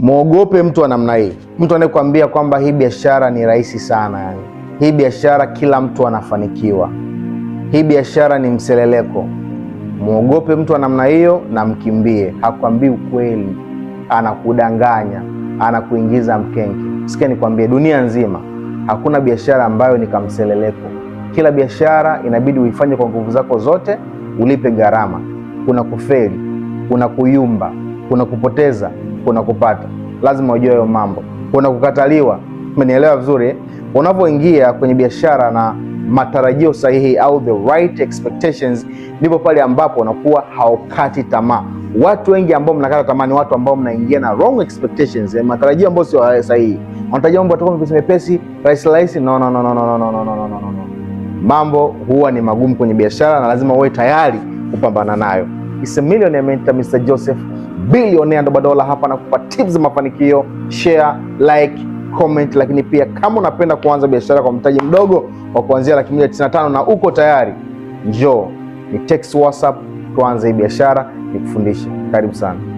Mwogope mtu wa namna hii, mtu anayekwambia kwamba hii biashara ni rahisi sana, yani hii biashara kila mtu anafanikiwa, hii biashara ni mseleleko. Mwogope mtu wa namna hiyo na mkimbie. Hakwambii ukweli, anakudanganya, anakuingiza mkenke. Sikia nikwambie, dunia nzima hakuna biashara ambayo ni kamseleleko. Kila biashara inabidi uifanye kwa nguvu zako zote, ulipe gharama. Kuna kufeli, kuna kuyumba, kuna kupoteza kuna kupata, lazima ujue hayo mambo, kuna kukataliwa. Umenielewa vizuri? Unapoingia kwenye biashara na matarajio sahihi au the right expectations, ndipo pale ambapo unakuwa haukati tamaa. Watu wengi ambao mnakata tamaa ni watu ambao mnaingia na wrong expectations, matarajio ambayo sio sahihi. Unatarajia mambo yatakuwa mepesi mepesi, rahisi rahisi. No, no, no, no, no, no, no, no, no, no. Mambo huwa ni magumu kwenye biashara na lazima uwe tayari kupambana nayo. It's a millionaire mentor Mr. Joseph Billionaire badola hapa na kupa tips za mafanikio, share, like, comment. Lakini pia kama unapenda kuanza biashara kwa mtaji mdogo wa kuanzia laki moja tisini na tano na uko tayari, njoo ni text WhatsApp, tuanze biashara, nikufundishe. Karibu sana.